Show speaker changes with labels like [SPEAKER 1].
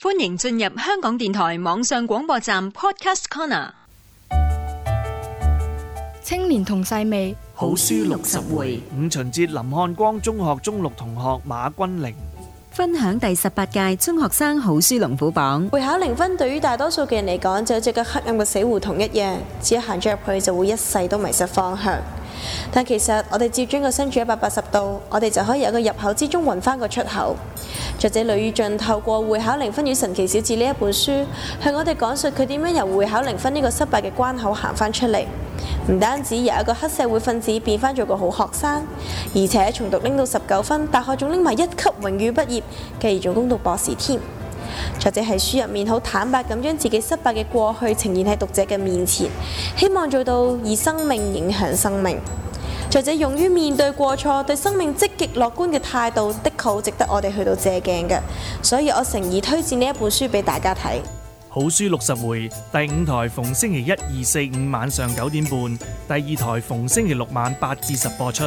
[SPEAKER 1] 歡迎進入香港電台網上廣播站 Podcast Corner。青年同細味，
[SPEAKER 2] 好書六十回。五旬節林漢光中學中六同學馬君寧。
[SPEAKER 1] 分享第十八屆中學生好書龍虎榜。會考零分對於大多數嘅人嚟講，就好似個黑暗嘅死胡同一樣，只要行咗入去，就會一世都迷失方向。但其實我哋只要將個身轉一百八十度，我哋就可以由個入口之中，搵翻個出口。作者呂宇俊透過《會考零分與神奇小子》呢一本書，向我哋講述佢點樣由會考零分呢個失敗嘅關口行翻出嚟。唔單止由一個黑社會分子，變翻做個好學生，而且重讀拎到十九分，大學仲拎埋一級榮譽畢業，繼而仲攻讀博士添。作者喺書入面好坦白咁將自己失敗嘅過去呈現喺讀者嘅面前，希望做到以生命影響生命。作者勇於面對過錯，對生命積極樂觀嘅態度的確好值得我哋去到借鏡嘅，所以我誠意推薦呢一部書俾大家睇。
[SPEAKER 3] 好書六十回，第五台逢星期一、二、四、五晚上九點半，第二台逢星期六晚八至十播出。